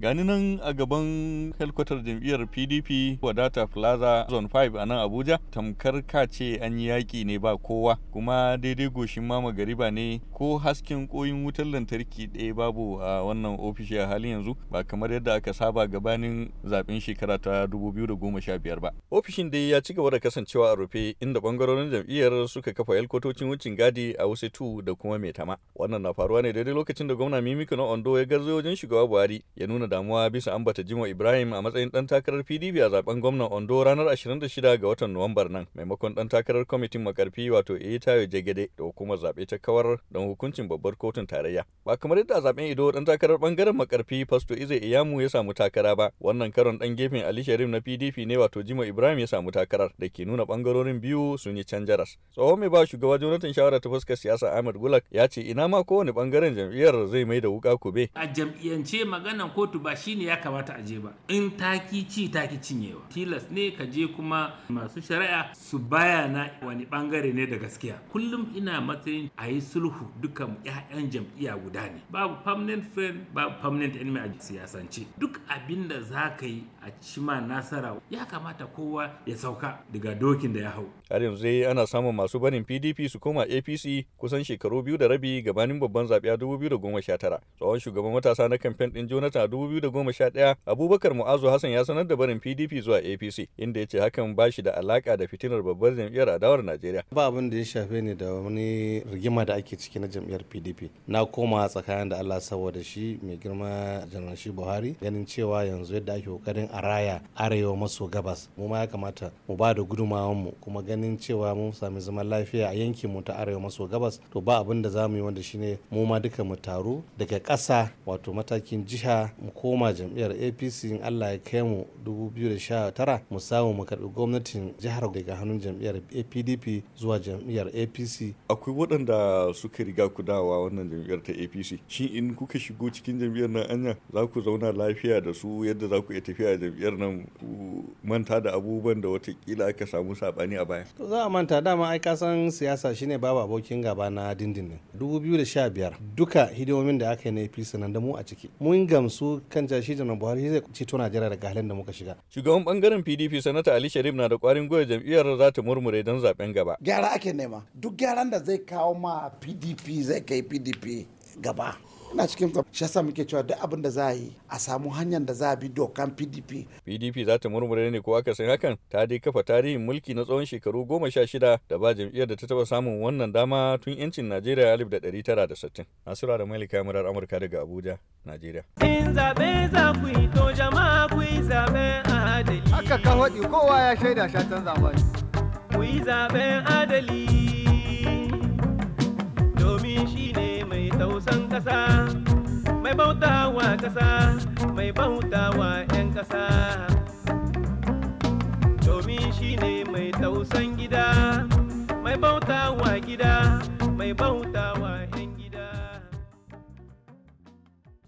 gani nan a gaban helkwatar jam'iyyar pdp wadata plaza zone 5 a nan abuja tamkar ka ce an yi yaƙi ne ba kowa kuma daidai goshin mama gariba ne ko hasken koyin wutar lantarki ɗaya babu a wannan ofishi a halin yanzu ba kamar yadda aka saba gabanin zaɓen shekara ta 2015 ba ofishin dai ya ci gaba da kasancewa a rufe inda bangarorin jam'iyyar suka kafa helkwatocin wucin gadi a wasu tu da kuma mai tama wannan na faruwa ne daidai lokacin da gwamna mimiko na ondo ya garzo wajen shugaba buhari ya nuna damuwa bisa ambata Jimo Ibrahim a matsayin dan takarar PDP a zaben gwamnan Ondo ranar 26 ga watan Nuwambar nan maimakon dan takarar kwamitin makarfi wato Eyitayo Jegede da hukumar zabe ta kawar don hukuncin babbar kotun tarayya. Ba kamar yadda zaben Ido dan takarar bangaren makarfi Fasto Ize Iyamu ya samu takara ba wannan karon dan gefen Ali Sharif na PDP ne wato Jimo Ibrahim ya samu takarar da ke nuna bangarorin biyu sun yi canjaras. Tsohon mai ba shugaba Jonathan shawara ta fuskar siyasa Ahmed Gulak ya ce ina ma kowane bangaren jam'iyyar zai mai da wuka kube. A jam'iyyance maganan kotu gudu ba shine ya kamata a je ba in taki ci taki cinyewa tilas ne ka je kuma masu shari'a su bayana wani bangare ne da gaskiya kullum ina matsayin a yi sulhu duka 'ya'yan jam'iyya guda ne babu permanent friend babu permanent enemy a siyasance duk abin da za ka yi a cima nasara ya kamata kowa ya sauka daga dokin da ya hau har yanzu dai ana samun masu barin pdp su koma apc kusan shekaru biyu da rabi gabanin babban zaɓe a 2019 tsohon shugaban matasa na kamfen ɗin jonathan 2011 Abubakar Mu'azu Hassan ya sanar da barin PDP zuwa APC inda ya ce hakan ba shi da alaka da fitinar babbar jam'iyyar adawar Najeriya. Ba abin da ya shafe ni da wani rigima da ake ciki na jam'iyyar PDP. Na koma tsakanin da Allah saboda shi mai girma janar shi Buhari ganin cewa yanzu yadda ake kokarin a raya arewa maso gabas mu ma ya kamata mu ba da mu kuma ganin cewa mun sami zaman lafiya a yankin mu ta arewa maso gabas to ba abin da za mu yi wanda shine mu ma duka mu taru daga ƙasa wato matakin jiha mu koma jam'iyyar apc in allah ya kai mu 2019 mu samu mu karbi gwamnatin jihar daga hannun jam'iyyar apdp zuwa jam'iyyar apc akwai waɗanda suka riga ku dawa wannan jam'iyyar ta apc shi in kuka shigo cikin jam'iyyar nan anya za ku zauna lafiya da su yadda za ku iya tafiya jam'iyyar nan ku manta da abubuwan da watakila aka samu saɓani a baya to za a manta dama ai ka san siyasa shine babu abokin gaba na dindindin 2015 duka hidimomin da aka yi na apc nan da mu a ciki mun gamsu kan jashi janar buhari zai ceto najeriya daga halin da muka shiga shugaban bangaren pdp sanata ali sharif na da kwarin gwiwa jam'iyyar za ta murmure don zaben gaba gyara ake nema duk gyaran da zai kawo ma pdp zai kai pdp gaba ina cikin ta shi yasa muke cewa duk abin da za a yi a samu hanyar da za a bi dokan pdp pdp za ta murmure ne ko aka san hakan ta dai kafa tarihin mulki na tsawon shekaru goma sha shida da ba jam'iyyar da ta taba samun wannan dama tun yancin najeriya alif da ɗari tara da sittin nasura da mai murar amurka daga abuja najeriya aka zaɓe ka kowa ya shaida shatan zamani ku yi zaɓen adali domin shi ne mai tausan ƙasa mai bautawa kasa mai bautawa 'yan kasa domin shi ne mai tausan gida mai bautawa gida mai bauta